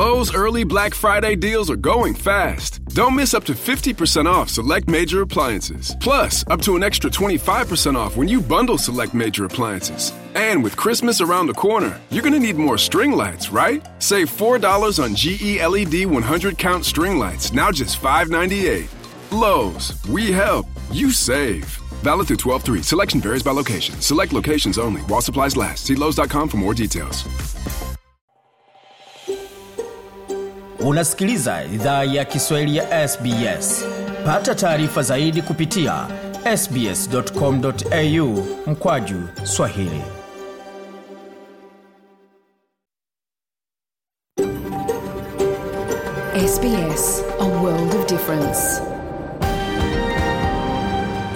Lowe's early Black Friday deals are going fast. Don't miss up to 50% off select major appliances. Plus, up to an extra 25% off when you bundle select major appliances. And with Christmas around the corner, you're going to need more string lights, right? Save $4 on GE LED 100 count string lights, now just $5.98. Lowe's, we help, you save. Valid through 12 3. Selection varies by location. Select locations only, while supplies last. See Lowe's.com for more details. unasikiliza idhaa ya kiswahili ya sbs pata taarifa zaidi kupitia sbscomau mkwaju swahili SBS, a world of difference.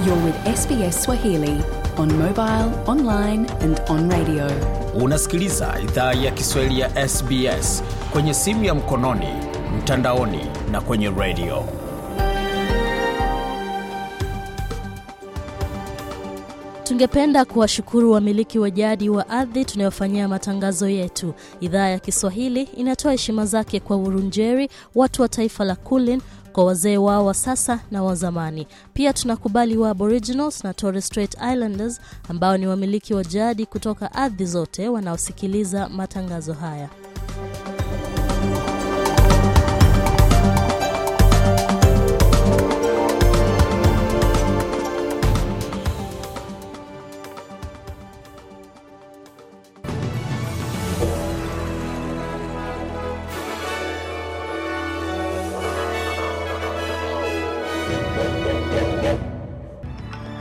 You're with SBS Swahili on mobile, online and on radio. Unasikiliza idhaa ya Kiswahili ya SBS kwenye simu ya mkononi, mtandaoni na kwenye radio. Tungependa kuwashukuru wamiliki wa jadi wa ardhi tunayofanyia matangazo yetu. Idhaa ya Kiswahili inatoa heshima zake kwa Urunjeri, watu wa taifa la Kulin kwa wazee wao wa sasa na wa zamani. Pia tunakubali wa Aboriginals na Torres Strait Islanders ambao ni wamiliki wa jadi kutoka ardhi zote wanaosikiliza matangazo haya.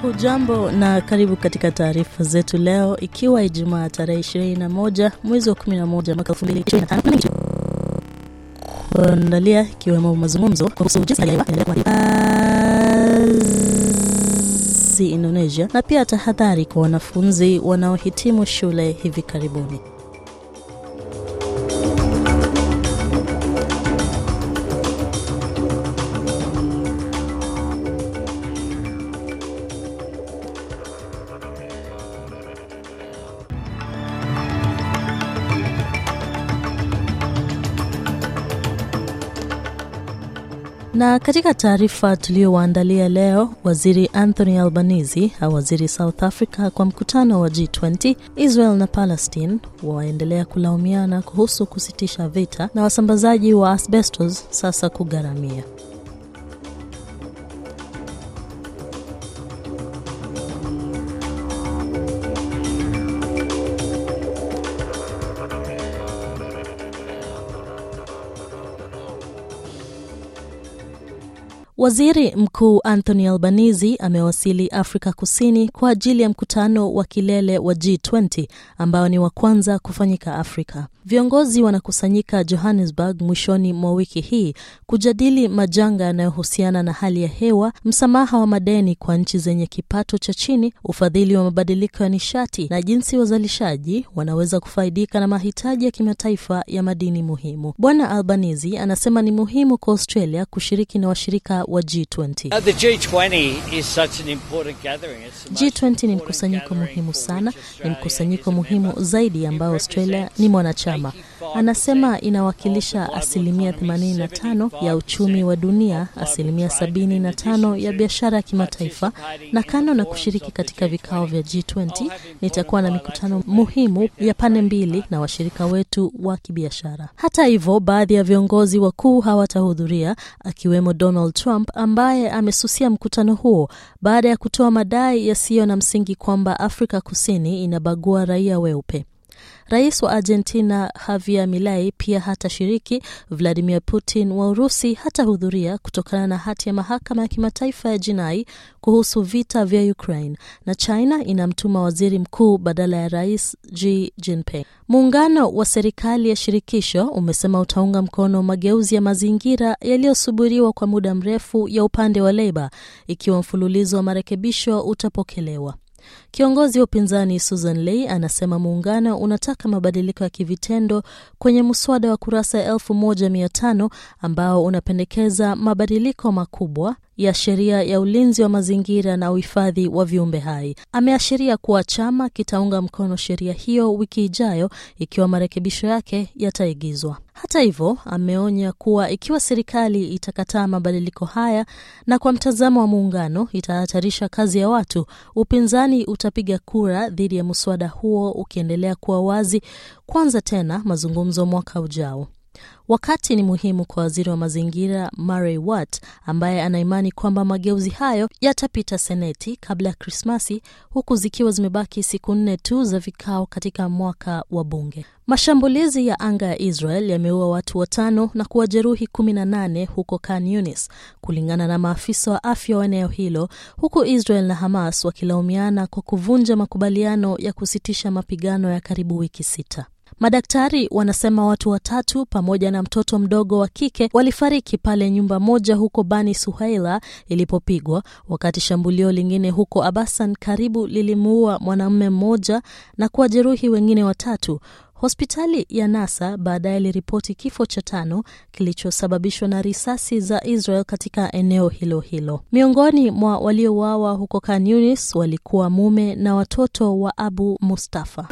Hujambo na karibu katika taarifa zetu leo, ikiwa Ijumaa tarehe 21 mwezi wa 11 mwaka kuandalia ikiwemo mazungumzo kuhusu Indonesia na pia tahadhari kwa wanafunzi wanaohitimu shule hivi karibuni. Na katika taarifa tuliyowaandalia leo, waziri Anthony albanizi au waziri South Africa kwa mkutano wa G20. Israel na Palestine waendelea kulaumiana kuhusu kusitisha vita, na wasambazaji wa asbestos sasa kugharamia Waziri Mkuu Anthony Albanese amewasili Afrika Kusini kwa ajili ya mkutano wa kilele wa G20 ambao ni wa kwanza kufanyika Afrika. Viongozi wanakusanyika Johannesburg mwishoni mwa wiki hii kujadili majanga yanayohusiana na hali ya hewa, msamaha wa madeni kwa nchi zenye kipato cha chini, ufadhili wa mabadiliko ya nishati na jinsi wazalishaji wanaweza kufaidika na mahitaji ya kimataifa ya madini muhimu. Bwana Albanese anasema ni muhimu kwa Australia kushiriki na washirika wa G20. G20 ni mkusanyiko muhimu sana, ni mkusanyiko muhimu zaidi ambao Australia ni mwanachama. Anasema inawakilisha asilimia 85 ya uchumi wa dunia, asilimia 75 ya biashara ya kimataifa. Na kando na kushiriki katika vikao vya G20, nitakuwa na mikutano muhimu ya pande mbili na washirika wetu wa kibiashara. Hata hivyo, baadhi ya viongozi wakuu hawatahudhuria akiwemo Donald Trump Trump ambaye amesusia mkutano huo baada ya kutoa madai yasiyo na msingi kwamba Afrika Kusini inabagua raia weupe. Rais wa Argentina Javier Milei pia hatashiriki. Vladimir Putin wa Urusi hatahudhuria kutokana na hati ya mahakama ya kimataifa ya jinai kuhusu vita vya Ukraine, na China inamtuma waziri mkuu badala ya rais Xi Jinping. Muungano wa serikali ya shirikisho umesema utaunga mkono mageuzi ya mazingira yaliyosubiriwa kwa muda mrefu ya upande wa Leba ikiwa mfululizo wa marekebisho utapokelewa. Kiongozi wa upinzani Susan Ley anasema muungano unataka mabadiliko ya kivitendo kwenye mswada wa kurasa elfu moja mia tano ambao unapendekeza mabadiliko makubwa ya sheria ya ulinzi wa mazingira na uhifadhi wa viumbe hai. Ameashiria kuwa chama kitaunga mkono sheria hiyo wiki ijayo ikiwa marekebisho yake yataigizwa. Hata hivyo, ameonya kuwa ikiwa serikali itakataa mabadiliko haya na kwa mtazamo wa muungano itahatarisha kazi ya watu, upinzani utapiga kura dhidi ya mswada huo ukiendelea kuwa wazi, kwanza tena mazungumzo mwaka ujao. Wakati ni muhimu kwa waziri wa mazingira Murray Watt ambaye anaimani kwamba mageuzi hayo yatapita Seneti kabla ya Krismasi, huku zikiwa zimebaki siku nne tu za vikao katika mwaka wa bunge. Mashambulizi ya anga ya Israel yameua watu watano na kuwajeruhi kumi na nane huko Khan Yunis, kulingana na maafisa wa afya wa eneo hilo, huku Israel na Hamas wakilaumiana kwa kuvunja makubaliano ya kusitisha mapigano ya karibu wiki sita. Madaktari wanasema watu watatu pamoja na mtoto mdogo wa kike walifariki pale nyumba moja huko Bani Suhaila ilipopigwa, wakati shambulio lingine huko Abasan karibu lilimuua mwanamume mmoja na kuwajeruhi wengine watatu Hospitali ya Nasa baadaye iliripoti kifo cha tano kilichosababishwa na risasi za Israel katika eneo hilo hilo. Miongoni mwa waliouawa huko Khan Yunis walikuwa mume na watoto wa Abu Mustafa.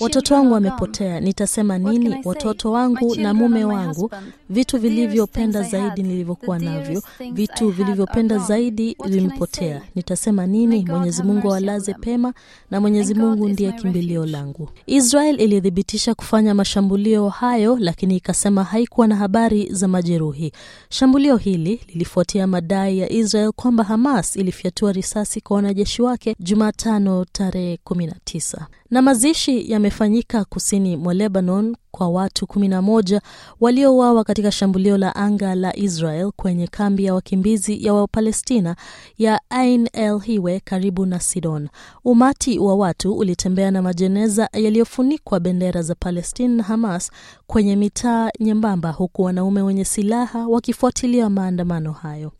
Watoto wangu wamepotea, nitasema nini? Watoto wangu na mume wangu, vitu vilivyopenda zaidi nilivyokuwa navyo, vitu vilivyopenda zaidi vimepotea, nitasema nini? Mwenyezi Mungu awalaze pema, na Mwenyezi Mungu ndiye kimbilio langu. Israel ilithibitisha kufanya mashambulio hayo, lakini ikasema haikuwa na habari za majeruhi. Shambulio hili lilifuatia madai ya Israel kwamba Hamas ilifyatua risasi kwa wanajeshi wake Jumatano tarehe 19. Na mazishi yamefanyika kusini mwa Lebanon kwa watu 11 waliouawa katika shambulio la anga la Israel kwenye kambi ya wakimbizi ya Wapalestina ya Ain El Hiwe karibu na Sidon. Umati wa watu ulitembea na majeneza yaliyofunikwa bendera za Palestine na Hamas kwenye mitaa nyembamba huku wanaume wenye silaha wakifuatilia maandamano hayo.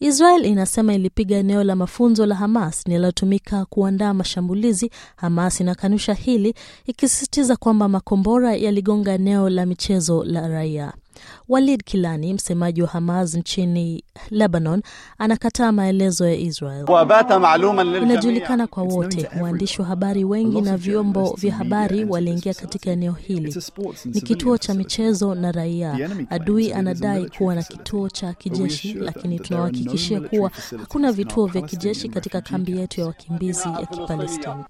Israel inasema ilipiga eneo la mafunzo la Hamas linalotumika kuandaa mashambulizi. Hamas inakanusha hili ikisisitiza kwamba makombora yaligonga eneo la michezo la raia. Walid Kilani, msemaji wa Hamas nchini Lebanon, anakataa maelezo ya Israel. Inajulikana kwa wote, waandishi wa habari wengi na vyombo vya habari waliingia katika eneo hili. Ni kituo cha michezo na raia. Adui anadai kuwa na kituo cha kijeshi, lakini tunawahakikishia kuwa hakuna vituo vya kijeshi katika kambi yetu ya wakimbizi ya Kipalestina.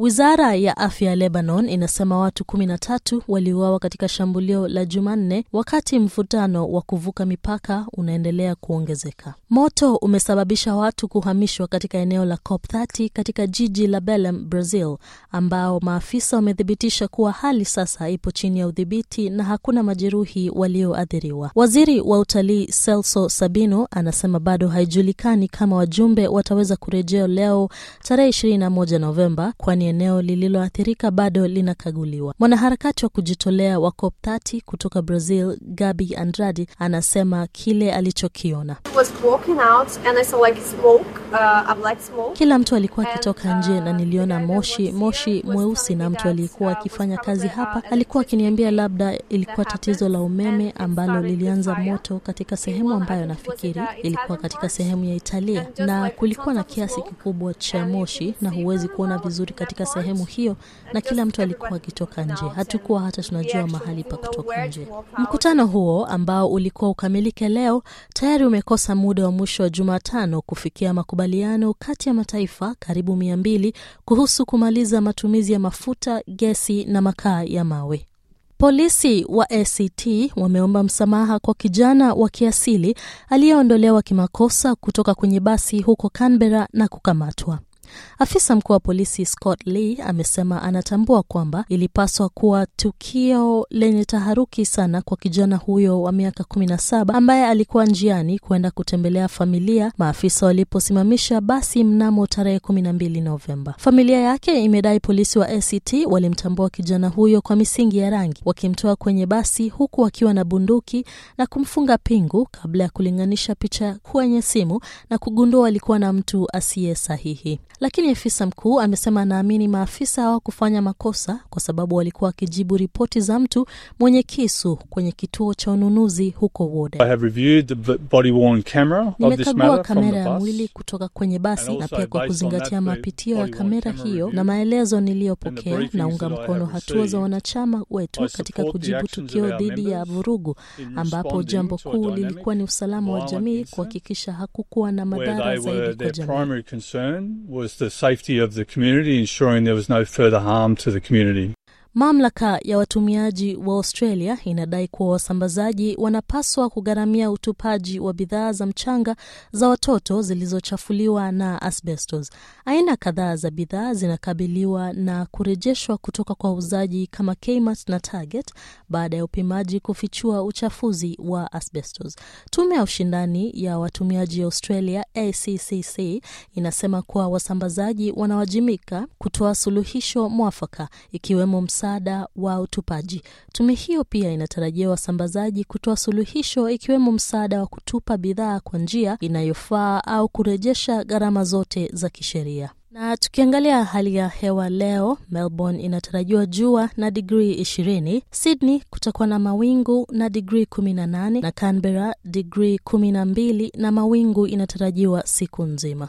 Wizara ya afya ya Lebanon inasema watu kumi na tatu waliuawa katika shambulio la Jumanne wakati mvutano wa kuvuka mipaka unaendelea kuongezeka. Moto umesababisha watu kuhamishwa katika eneo la COP 30 katika jiji la Belem, Brazil, ambao maafisa wamethibitisha kuwa hali sasa ipo chini ya udhibiti na hakuna majeruhi walioathiriwa. Waziri wa utalii Celso Sabino anasema bado haijulikani kama wajumbe wataweza kurejea leo tarehe 21 Novemba kwani eneo lililoathirika bado linakaguliwa. Mwanaharakati wa kujitolea wa COP30 kutoka Brazil, Gabi Andrade, anasema kile alichokiona kila mtu alikuwa akitoka uh, nje na niliona moshi moshi mweusi, na mtu aliyekuwa uh, akifanya kazi uh, hapa alikuwa akiniambia labda ilikuwa tatizo la umeme ambalo lilianza moto katika sehemu ambayo nafikiri ilikuwa katika sehemu ya Italia, na kulikuwa na kiasi kikubwa cha moshi na huwezi kuona vizuri katika sehemu hiyo, na kila mtu alikuwa akitoka nje. Hatukuwa hata tunajua mahali pa kutoka nje. Mkutano huo ambao ulikuwa ukamilike leo tayari umekosa sasa muda wa mwisho wa Jumatano kufikia makubaliano kati ya mataifa karibu mia mbili kuhusu kumaliza matumizi ya mafuta, gesi na makaa ya mawe. Polisi wa ACT wameomba msamaha kwa kijana wa kiasili aliyeondolewa kimakosa kutoka kwenye basi huko Canberra na kukamatwa. Afisa mkuu wa polisi Scott Lee amesema anatambua kwamba ilipaswa kuwa tukio lenye taharuki sana kwa kijana huyo wa miaka kumi na saba ambaye alikuwa njiani kwenda kutembelea familia maafisa waliposimamisha basi mnamo tarehe kumi na mbili Novemba. Familia yake imedai polisi wa ACT walimtambua kijana huyo kwa misingi ya rangi, wakimtoa kwenye basi huku wakiwa na bunduki na kumfunga pingu kabla ya kulinganisha picha kwenye simu na kugundua alikuwa na mtu asiye sahihi lakini afisa mkuu amesema anaamini maafisa hawakufanya makosa kwa sababu walikuwa wakijibu ripoti za mtu mwenye kisu kwenye kituo cha ununuzi huko Wode. Nimekagua kamera ya mwili kutoka kwenye basi na pia kwa kuzingatia mapitio ya kamera hiyo na maelezo niliyopokea, naunga mkono hatua za wanachama wetu katika kujibu tukio dhidi ya vurugu, ambapo jambo kuu lilikuwa ni usalama wa jamii, kuhakikisha hakukuwa na madhara zaidi kwa jamii. was the safety of the community, ensuring there was no further harm to the community. Mamlaka ya watumiaji wa Australia inadai kuwa wasambazaji wanapaswa kugharamia utupaji wa bidhaa za mchanga za watoto zilizochafuliwa na asbestos. Aina kadhaa za bidhaa zinakabiliwa na kurejeshwa kutoka kwa wauzaji kama Kmart na Target baada ya upimaji kufichua uchafuzi wa asbestos. Tume ya ushindani ya watumiaji Australia ACCC inasema kuwa wasambazaji wanawajibika kutoa suluhisho mwafaka ikiwemo msaada wa utupaji. Tume hiyo pia inatarajia wasambazaji kutoa suluhisho ikiwemo msaada wa kutupa bidhaa kwa njia inayofaa au kurejesha gharama zote za kisheria. Na tukiangalia hali ya hewa leo, Melbourne inatarajiwa jua na digrii 20, Sydney kutakuwa na mawingu na digrii 18 na Canberra digrii 12 na mawingu inatarajiwa siku nzima.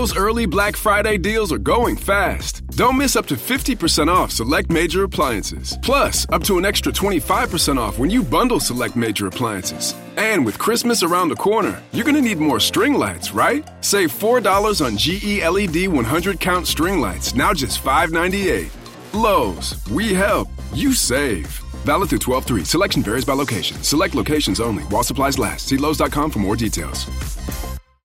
Lowe's early Black Friday deals are going fast. Don't miss up to 50% off select major appliances. Plus, up to an extra 25% off when you bundle select major appliances. And with Christmas around the corner, you're going to need more string lights, right? Save $4 on GE LED 100 count string lights, now just $5.98. Lowe's, we help, you save. Valid through 12 3. Selection varies by location. Select locations only while supplies last. See Lowe's.com for more details.